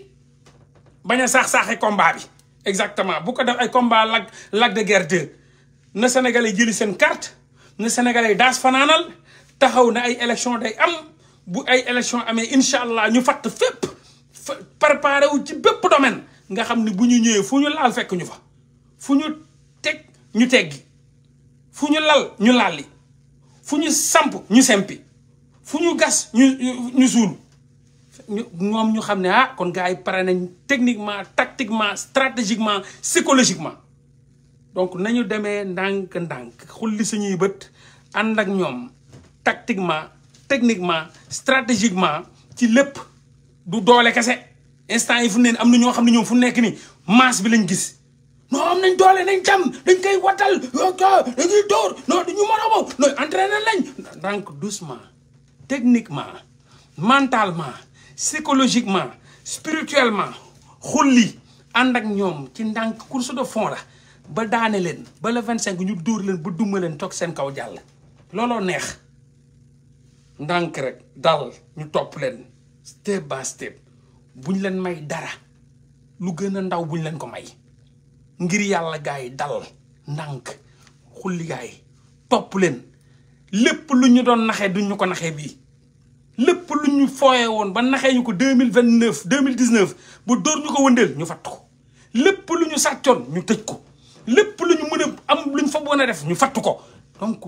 bañ a saax-saaxe combat bi exactement bu ko def ay combat lag lag de guerre 2 na sénégalais jëli seen carte na sénégalais daas fanaanal taxaw na ay élection day am bu ay élection amee incha allah ñu fatt fépp préparé wu ci bépp domaine nga xam ni bu ñu ñëwee fu ñu laal fekk ñu fa fu ñu teg ñu teggi fu ñu lal ñu laal lalli fu ñu samp ñu sempi fu ñu gas ñu ñu suul ñoom ñu xam ne ah kon gars yi pare nañ techniquement tactiquement stratégiquement psychologiquement donc nañu demee ndànk-ndànk xulli suñuy bët ànd ak ñoom tactiquement techniquement stratégiquement ci lépp du doole kese instant yi fu neen am na ñoo xam ne ñoom fu nekk nii masse bi lañ gis non am nañ doole nañ jam dañ koy wattal dañuy dóor non duñu moromo nooy entraîné lañ donc doucement techniquement mentalement psychologiquement spirituellement xulli ànd ak ñoom ci ndànk course de fond la ba daane leen ba le vingt cinq ñu dóor leen ba dumma leen toog seen kaw jàll looloo neex ndànk rek dal ñu topp leen step by step buñ leen may dara lu gën a ndaw buñ leen ko may ngir yàlla gars yi dal ndànk xulli gars topp leen lépp lu ñu doon naxee duñ ñu ko naxee bii lépp lu ñu fooye woon ba naxee ñu ko deux mille vingt neuf deux mille dix neuf bu dóor ñu ko wëndeel ñu fatt ko lépp lu ñu sàccoon ñu tëj ko lépp lu ñu mën a am lu ñu fa mën a def ñu fatt ko donc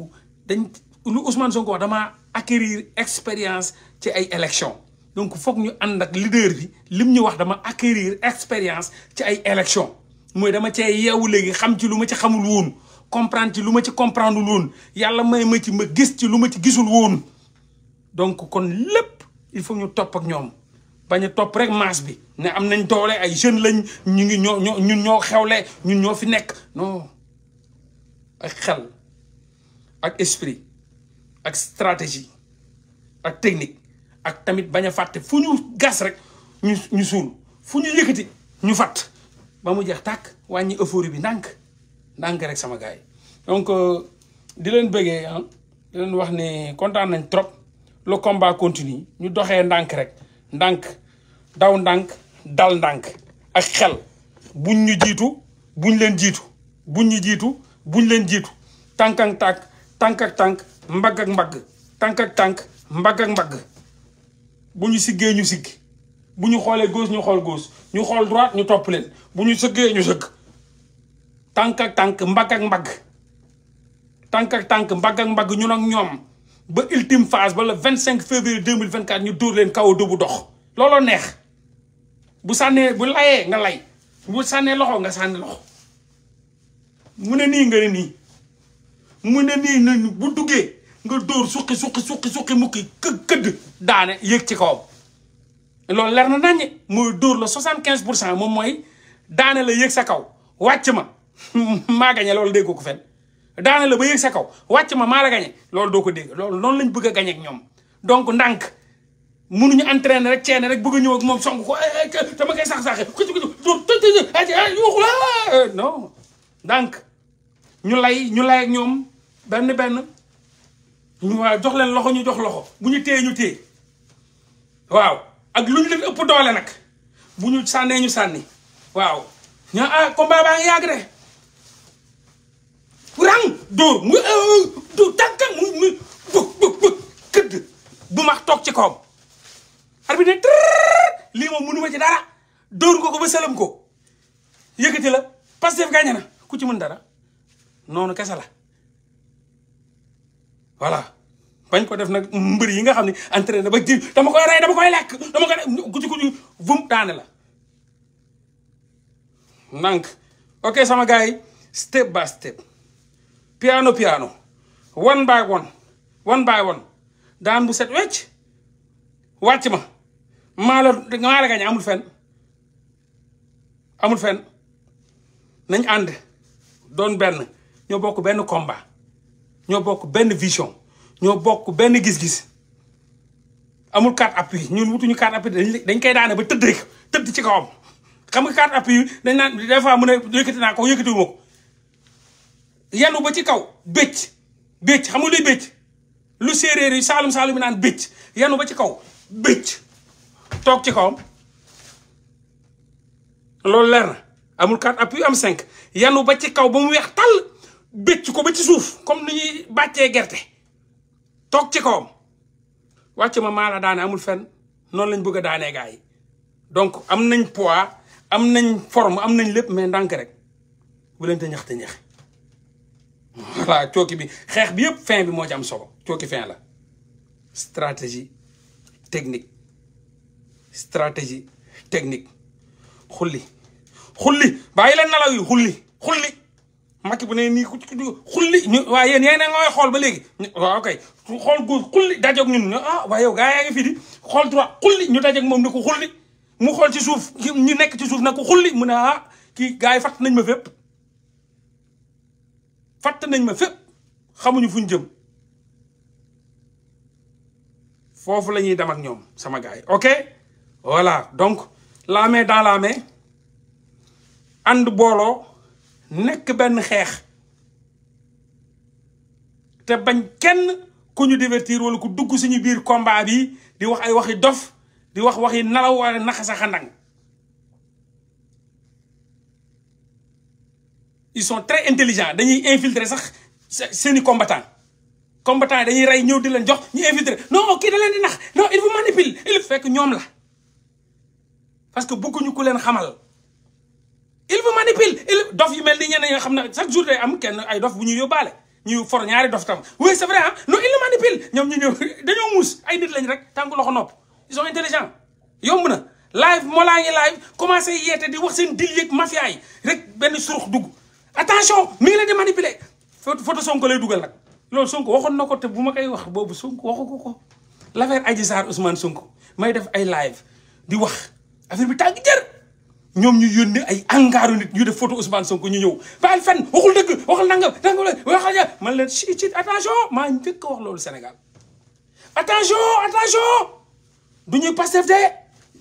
dañ lu Ousmane Sonko wax damaa acquérir expérience ci ay élection donc foog ñu ànd ak leader bi lim ñu wax dama acquérir expérience ci ay élection mooy dama cee yeewu léegi xam ci lu ma ci xamul woon comprendre ci lu ma ci comprendre loon yàlla may ma ci ma gis ci lu ma ci gisul woon donc kon lépp il faut ñu topp ak ñoom bañ a topp rek masse bi ne am nañ doole ay jeunes lañ ñu ngi ñoo ñoo ñun ñoo xewle ñun ñoo fi nekk non ak xel ak esprit ak stratégie ak technique ak tamit bañ a fàtte fu ñu gas rek ñu ñu suul fu ñu yëkkati ñu fàtt ba mu jeex tak wañi euphorie bi ndànk ndànk rek sama gaay donc euh, di len beugé ah di len wax ne kontaan nañ trop le combat continue ñu doxé ndànk rek ndànk daw ndànk dal nank ak xel buñ ñu jitu buñ len jitu buñ ñu jitu buñ len jitu tank ak tak tank ak tank mbag ak mbag tank ak tank mbag ak mbag buñu ñu bu ñu xoolee gauche ñu xool goos ñu xool droite ñu topp leen bu ñu sëggee ñu sëgg tànk tànk mbagg ak mbagg tànk ak tànk mbagg ak mbagg ñun ak ñoom ba ultime phase ba le vingt cinq février deux mille vingt quatre ñu dóor leen kaw bu dox looloo neex bu sànnee bu layee nga lay bu sànnee loxo nga sànni loxo mu ne nii nga ne nii mu ne nii nañ bu duggee nga dóor suqi suqi suqi suqi mukki këdd daane yéeg ci kawam loolu leer na naññe muy dóor la soixante quinze pour cent moom mooy daane la yéeg sa kaw wàcc ma <laughs> maa gañe loolu déggoo ko fenn daane la ba yéeg sa kaw wàcc ma maa la gañe loolu doo ko dégg loolu noonu lañ bëgg a gañe ak ñoom donc ndànk mënuñu entraîner rek ceene rek bëgg a ñëw ak moom song ko eh, eh, eh, dama koy sax-saxe xucc non ndànk ñu lay ñu lay ak ñoom benn benn ñu jox leen loxo ñu jox loxo bu ñu téye ñu téye waaw ak lu ñu leen ëpp doole nag bu ñu sànnee ñu sànni waaw ñu ah combat baa ngi yàgg de rang dóor mu euh, dóor tànk mu mu bëgg bëgg këdd bu max toog ci kawam arbitre ne lii moom mënu ma ci dara dóor ko ko ba sëlam ko yëkkati la Pastef gagné na ku ci mën dara noonu kese la voilà bañ ko def nag mbir yi nga xam ne entraîné ba jiw dama koy rey dama koy lekk dama koy gucci gucci vum daane la ndànk ok sama gars yi step by step piano piano one by one one by one daan bu set wecc wàcc ma maa la gañ amul fen amul fen nañ ànd doon benn ñoo bokk benn combat ñoo bokk benn vision ñoo bokk benn gis-gis amul carte appui ñun wutuñu carte appui dañ koy daane ba tëdd rek tëdd ci kawam xam nga carte appui dañ naan des fois mu ne yëkkati naa ko yëkkatiwuma ko yanu ba ci kaw bëcc bëcc xam nga luy lu séeréer yi saalum saalum yi naan bëcc yanu ba ci kaw toog ci kawam loolu leer na amul carte appui am cinq yanu ba ci kaw ba mu weex tàll bëcc ko ba ci suuf comme ni ñuy bàccee gerte toog ci kawam wàcc ma maala daane amul fen noonu lañ bëgg a daanee donc am nañ pois am nañ form am nañ lépp mais ndànk rek bu leen te ñax te ñax voilà cooki bi xeex bi yëpp fin bi moo ci am solo cooki fin la stratégie technique stratégie technique xulli xulli bàyyi leen nalaw yi xulli xulli Macky bu ne nii ku ci xulli ñu waaw yéen yéen a ngi xool ba léegi waaw kay xool gauche xulli dajeeg ñun na ah, waaye yow gaa yaa ngi fi di xool droit xulli ñu dajeeg moom ne ko xulli mu xool ci suuf ñu nekk ci suuf na ko xulli mu ne ah kii gaa yi fàtt nañ ma fépp fàtt nañ ma fépp xamuñu fuñ jëm foofu la ñuy ñoom sama gars yi ok voilà donc la main dans la main ànd booloo nekk benn xeex te bañ kenn ku divertir wala ku dugg suñu biir combat bi di wax ay waxi dof di wax waxi nalaw wala naxasa xandang ils sont très intelligents dañuy infiltrer sax seeni combattant combattant dañuy ray ñëw di leen jox ñu infiltrer non ki da leen di nax non il vous manipule il fekk ñom la parce que ñu ku leen xamal il vous manipule il dof yu mel ni ñenn ñi nga xam chaque jour day am kenn ay dof bu ñuy yobale ñu for ñaari dof tam oui c'est vrai ah non il le manipule ñoom ñu ñëw <laughs> dañoo muus ay nit lañ rek tànk loxo nopp ils sont yomb na live moo laa ngi live commencé yeete di wax seen dil yeeg mafia yi rek benn surux dugg attention mi ngi leen di manipuler photo Sonko lay dugal nag loolu Sonko waxoon na ko te bu ma koy wax boobu Sonko waxu ko ko l'affaire Adji Sarr Ousmane Sonko may def ay live di wax affaire bi tàng jër ñoom ñu yónni ay angaaru nit ñu def photo Ousmane Sonko ñu ñëw baal fen waxul dëgg waxul nangam nangam waxal ja man leen ci ci attention maa njëkk wax loolu Sénégal attention attention du ñuy Pastef de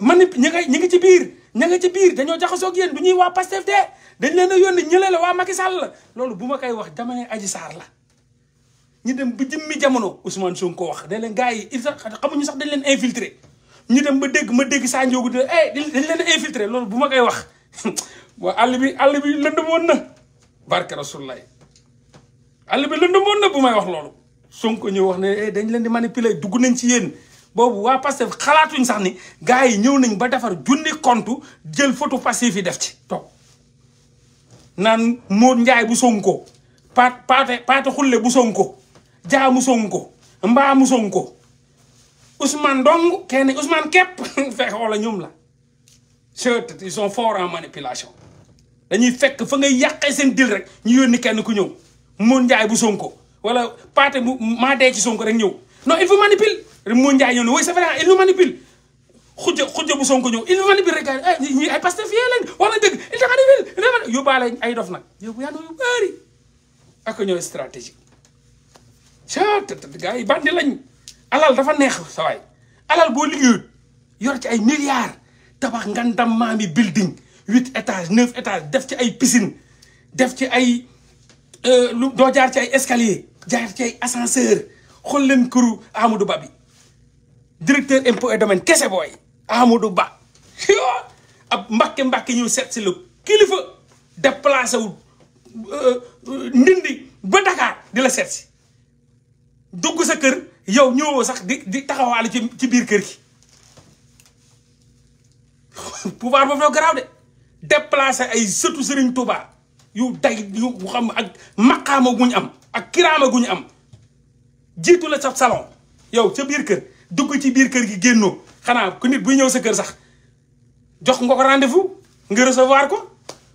man ñi nga ñi ngi ci biir ña nga ci biir dañoo jaxasoo ak yéen du ñuy waa Pastef de dañ leen a yónni la waa Macky Sall loolu bu ma koy wax dama aji saar la ñu dem ba jëmmi jamono Ousmane Sonko ko wax da leen gars yi il sax xamuñu sax dañ leen infiltré ñu dem ba dégg ma dégg saa Ndiogou de eh dañ leen a loolu bu ma koy wax <laughs> waa àll bi àll bi lëndëmoon na barke rasulaay àll bi lëndëmoon na bu may wax loolu. Sonko ñëw wax ne eh, dañ leen di manipuler dugg nañ ci yéen boobu waa Pastef xalaatuñ sax ni gars yi ñëw nañ ba defar junni kont jël photo Pastef yi def ci toog naan Modou Ndiaye bu Sonko paat paate paate xulle bu Sonko jaamu Sonko mbaamu Sonko. Ousmane dong kenn Ousmane képp <laughs> fekk wala ñoom la c'est ils sont forts en manipulation dañuy fekk fa ngay yàqee seen dil rek ñu yónni kenn ku ñëw Moon Njaay bu Sonko wala Paate bu maa dee ci Sonko rek ñëw non il faut manipule Moon Njaay ñëw ne oui c'est vrai il nous manipule xujja bu Sonko ñëw il nous manipule rek ah, ñi ay Pastef fii lañ ak ñooy stratégique lañ. alal dafa neex sa waay alal boo liggéeyut yor ci ay milliards tabax ngandam maami building huit étage neuf étages def ci ay piscine def ci ay euh, lu doo jaar ci ay escalier jaar ci ay ascenseur xool leen këru Amadou Ba bi directeur impôt et domaine kese booy Amadou Ba yoo ab mbàkke mbàkke ñëw seet si la kilifa déplacé wu euh, euh, ba Dakar di la seet si dugg sa kër yow ñëwoo sax di di taxawaale ci ci biir kër gi pouvoir boobu dafa garaaw de déplacé ay sëtu sëriñ Touba yu day yu xam ak maqaama gu ñu am ak kiraama gu ñu am jiitu la sa salon yow sa biir kër dugg ci biir kër gi génnoo xanaa ku nit buy ñëw sa kër sax jox nga ko rendez-vous nga recevoir ko.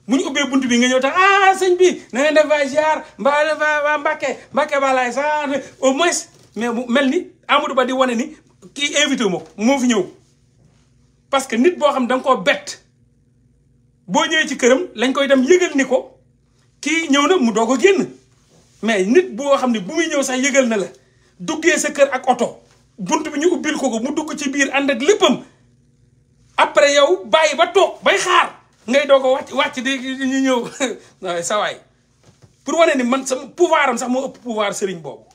mu ñu ubbee bunt bi nga ñëw tax ah sëñ bi na ngeen def waay ziar mbaa mbaa Mbàkke Mbàkke balay sax au moins. mais mu mel ni Amadou Ba di wane ni kii invité ma moo fi ñëw parce que nit boo xam da nga koo bett boo ñëwee ci këram lañ koy dem yëgal ni ko kii ñëw na mu doog a génn mais nit boo xam ne bu muy ñëw sax yëgal na la duggee sa kër ak oto bunt bi ñu ubbil ko ko mu dugg ci biir ànd ak léppam après yow bàyyi ba toog bay xaar ngay doog a wàcc wàcc di ñu ñëw waaye <laughs> pour wane ni man sama pouvoir am sax moo ëpp pouvoir sëriñ boobu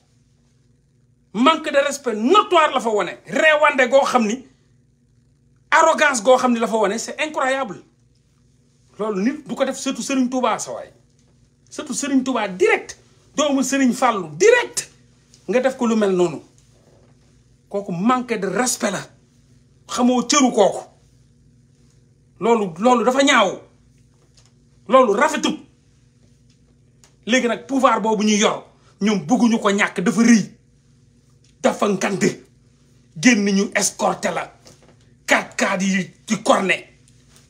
manque de respect notoire la fa wane reewande goo xam ni arrogance goo xam ni la fa wane c'est incroyable loolu nit du ko def surtout Serigne Touba sa waay surtout Serigne Touba direct doomu Serigne Fallou direct nga def ko lu mel noonu kooku manque de respect la xamoo cëru kooku loolu loolu dafa ñaaw loolu rafetul léegi nag pouvoir boobu ñu yor ñoom bugguñu ko ñàkk dafa rëy dafa ngand génn ñu escorté la quatre quatre yi ci cornet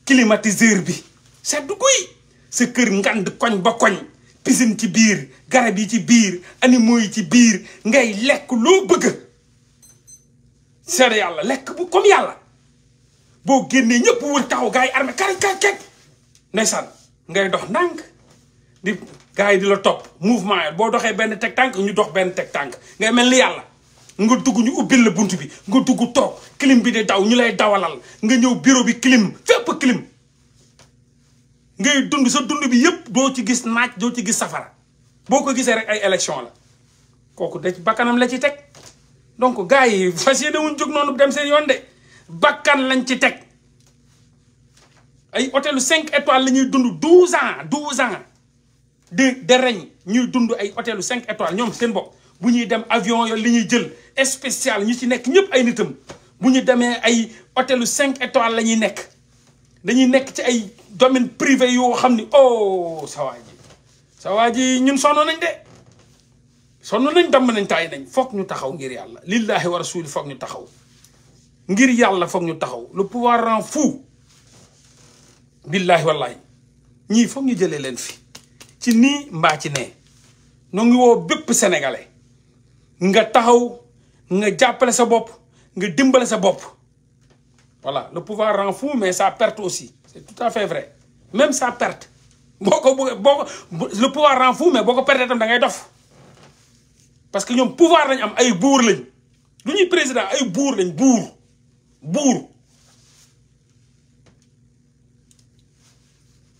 climatiseur bi sedd guy sa kër ngand koñ ba koñ piscine ci biir garab yi ci biir animaux yi ci biir ngay lekk loo bëgg seede yàlla lekk bu comme yàlla boo génnee ñëpp wër taxaw gars yi armé kari kari kari ndeysaan ngay dox ndànk di gars yi di la topp mouvement yi boo doxee benn teg tànk ñu dox benn teg tànk ngay mel ni yàlla nga dugg ñu ubbil la bunt bi nga dugg toog clim bi di daw ñu lay dawalal nga ñëw bureau bi clim fépp clim ngay dund sa dund bi yépp doo ci gis naaj doo ci gis safara boo ko gisee rek ay élection la kooku de bakkanam la ci teg donc gars yi fas yéene wuñ jóg noonu dem seen yoon de bakkan lañ ci teg ay hôtelu cinq étoiles la ñuy dund douze ans douze ans de de règne ñuy dund ay hôtelu cinq étoiles ñoom seen bopp bu ñuy dem avion yo li ñuy jël spécial ñu ci nekk ñëpp ay nitam bu ñu demee ay hôtelu cinq étoiles la ñuy nekk dañuy nekk ci ay domaine privé yoo xam ni oh sa waa ji ñun sonn nañ de sonn nañ damm nañ taay nañ foog ñu taxaw ngir yàlla lillahi wa rasuli foog ñu taxaw ngir yàlla foog ñu taxaw le pouvoir rend fou billahi wallahi ñii foog ñu jëlee leen fi ci nii mbaa ci nee noo ngi woo bépp sénégalais nga taxaw nga sa bop nga sa bop voilà le pouvoir rend fou mais ça perte aussi c'est tout à fait vrai même ça perte le pouvoir rend fou mais boko perdre tam da ngay dof parce que le pouvoir lañ am ay président ay lañ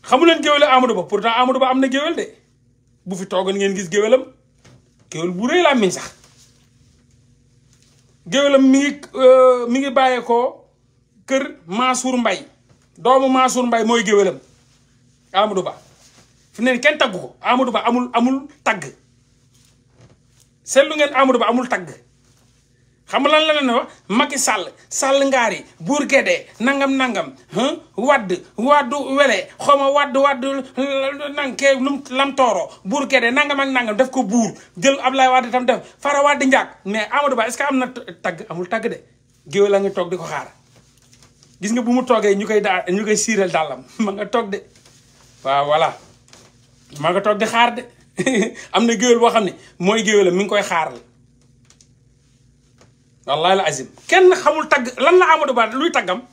xamu Amadou Ba pourtant Amadou Ba de bu fi Si ngeen gis les gëwel bu la géwélam mi ngi euh, mi ngi bàyyeekoo kër Mansour mbay doomu Mansour mbay mooy géwélam Amadou Ba fi mu kenn taggu ko Amadou Ba amul amul tagg seetlu ngeen Amadou Ba amul tagg xam nga lan la leen wax Macky Sall Sall ngaari buur gedee nangam nangam wadd waddu wele xaw ma wadd wadd nang kee lum tooro buur gedee nangam ak nangam def ko buur jël ab Ablaye Wade tam def fara wadd njaag mais Amadou Ba est am na tagg amul tagg de géwél la nga toog di ko xaar gis nga bu mu toogee ñu koy daa ñu koy siiral dàllam <laughs> man nga toog de waaw voilà ma nga toog di xaar de <laughs> am na géwél boo xam ne mooy géwélam mi ngi koy xaaral والله العظيم كين خمول تاغ لان لا امادو بار لوي تاغام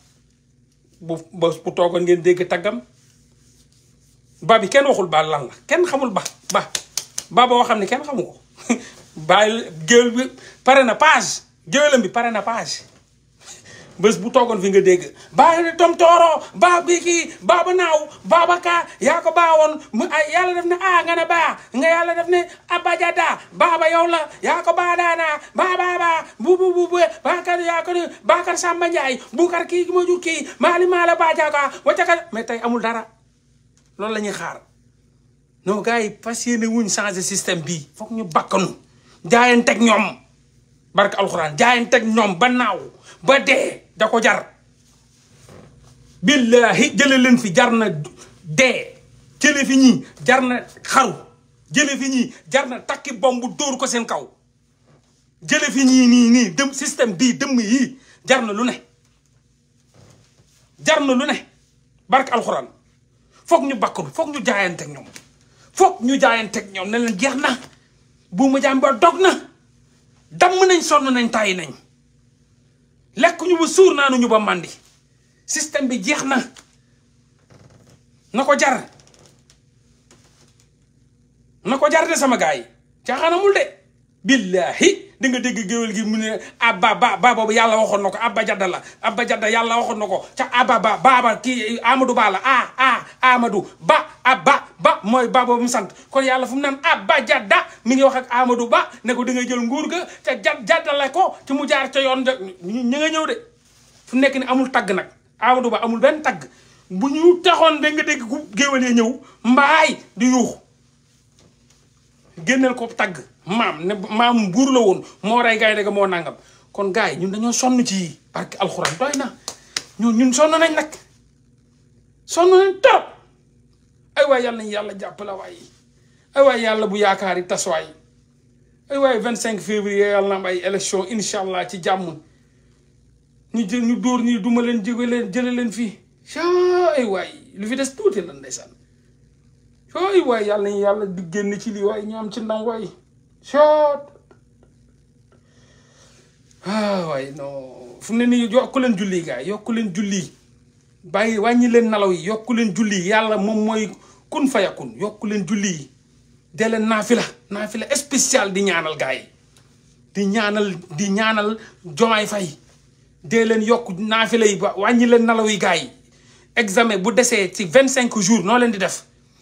بو بو توغون نين ديغ تاغام بابي كين واخول با لان لا كين خمول با با بابا وا خامني كين خمو با جيل بي بارنا باج جيلم بي بارنا باج bés bu toogoon fi nga dégg baa tom baa bi naaw baaba kaa yaa ko baawoon mu ay yàlla def ne a ah, nga ne baa nga yàlla def ne abajada baaba yow la yaa ko baa daanaa baa baa baa bu bu bu baakar yaa ko ne baakar Samba Ndiaye bukar kii ma kii maali maala baajaka waccaka mais tey amul dara lool la ñuy xaar non gars yi changer système bii foog ñu bakkanu teg ñoom barka alxuraan jaayanteeg ñoom ba naaw ba dee jakko ko jar billaahi jële leen fi jar na dee jële fi ñii jar na xaru jële fi ñii jar na takki bomb dóor ko seen kaw jële fi ñii nii nii dem système bii dëmm yi jar na lu ne jar na lu ne bark alxuraan foog ñu bakkaru foog ñu jaayanteeg ñoom foog ñu jaayanteeg ñoom ne leen jeex na buuma jaam ba dog na damm nañ sonn nañ tàyyi nañ lekkuñu ba suur naa nu ñu ba màndi système bi jeex na na ko jar na ko jar de sama gars yi caaxaanamul de billaahi da nga dégg géwél gi mu ne abba ba ba boobu yàlla waxoon na ko abba jadda la abba jadda yàlla waxoon na ko ca abba ba baaba kii amadou ba la ah ah ba ba mooy ba boobu mu sant kon yàlla fu mu naan abba jadda mi ngi wax ak amadou ba ne ko da nga jël nguur ga ca jad jaddale ko ci mu jaar ca yoon ña nga ñëw de fu nekk ni amul tagg nag amadou ba amul benn tagg bu ñu taxoon da nga dégg ku géwél ya ñëw mbaay di yuux génneel ko tagg maam ne maam buur la woon moo rey gaynde ga moo nangam kon gars yi ñun dañoo sonn ci barke alxuraan doy na ñun ñun sonn nañ nag sonn nañ trop ay waay yàlla nañ yàlla jàppale ay waay yàlla bu yaakaar yi tas waay ay waay vingt cinq février yàlla na am ay élection incha allah ci jàmm ñu jël ñu dóor ñi duma leen jëge leen jële leen fii ay waay lu fi des tuuti lan ndeysaan ay waay yàlla ñu yàlla di génn ci lii waaye ñu ci ndam waay soot ah waay non fu mu ne nii yokku leen julli gars yi yokku leen julli bàyyi wàññi leen nalaw yi yokk leen julli yàlla moom mooy kun fayakun yokku leen julli yi dee leen naafila naafila spécial di ñaanal gars yi di ñaanal di ñaanal jomaay fay dee leen yokk naafila yi ba wàññi leen nalaw yi gars yi examen bu desee ci vingt cinq jours noo leen di def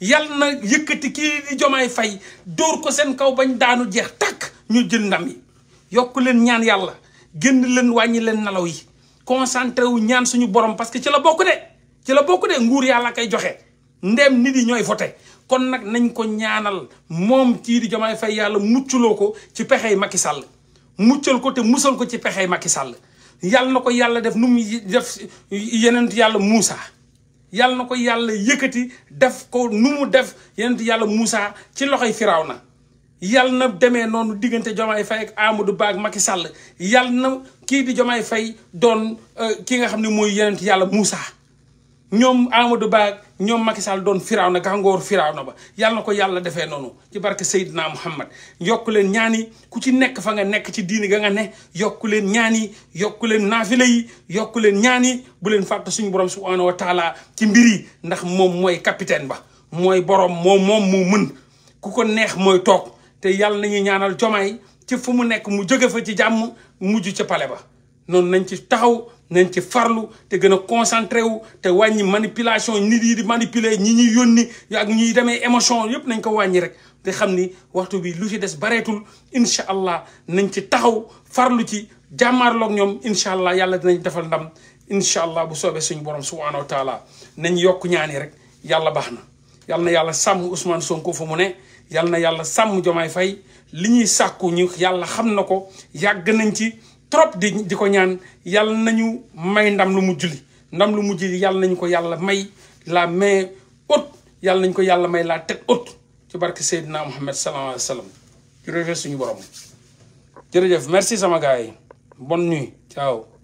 yal na yëkkati kii di jomaay fay dóor ko seen kaw bañ daanu jeex takk ñu jël ndam yi yokk leen ñaan yàlla génn leen wàññi leen nelaw yi concentré wu ñaan suñu borom parce que ci la bokk de ci la bokk de nguur yàlla koy joxe ndem nit yi ñooy voté kon nag nañ ko ñaanal moom kii di jomaay fay yàlla mucculoo ko ci pexey Macky sàll muccal ko te musal ko ci pexey Macky sàll yàlla na ko yàlla def nu mu def yeneen yàlla Moussa yàlla na ko yàlla yëkkati def ko nu mu def yonent yàlla Moussa ci loxo loxoy Firawna yàlla na demee noonu diggante Diomaye Faye ak Amadou du ak Macky sàll yàlla na kii di Diomaye Faye doon euh, ki nga xam ne mooy yonent yàlla Moussa ñoom Amadou Ba ñoom Macky Sall doon firaaw na gàngoor firaaw na ba yàlla na ko yàlla defee noonu ci barke Seydina Muhammad yokku leen ñaan ku ci nekk fa nga nekk ci diini ga nga ne yokku leen ñaan yi yokku leen naafila yi yokku leen ñaan bu leen fàtte suñu borom subhanahu wa taala ci mbir yi ndax moom mooy capitaine ba mooy borom moom moom moo mën ku ko neex mooy toog te yàlla nañu ñaanal jomaay ci fu mu nekk mu jóge fa ci jàmm mujj ca pale ba noonu nañ ci taxaw nañ ci farlu te gën a concentré wu te wàññi manipulation nit yi di manipuler ñi ñuy yónni ak ñuy demee émotion yëpp nañ ko wàññi rek te xam ni waxtu bi lu ci des bareetul incha allah nañ ci taxaw farlu ci jàmmaarloog ñoom incha allah yàlla dinañ defal ndam incha allah bu soobee suñu borom subhaanahu wa taala nañ yokk ñaani rek yàlla baax na. yàlla na yàlla sàmm Ousmane Sonko fu mu ne yàlla na yàlla sàmm Jomaay Fay li ñuy sàkku ñu yàlla xam na ko yàgg nañ ci. trop di di ko ñaan yàlla nañu may ndam lu mujj li ndam lu mujj li yàlla nañu ko yàlla may la main haute yàlla nañu ko yàlla may laa tête haute ci barke Seydina Mohamed sallallahu alayhi wa sallam jërëjëf suñu borom jërëjëf merci sama gars yi bon nuit caaw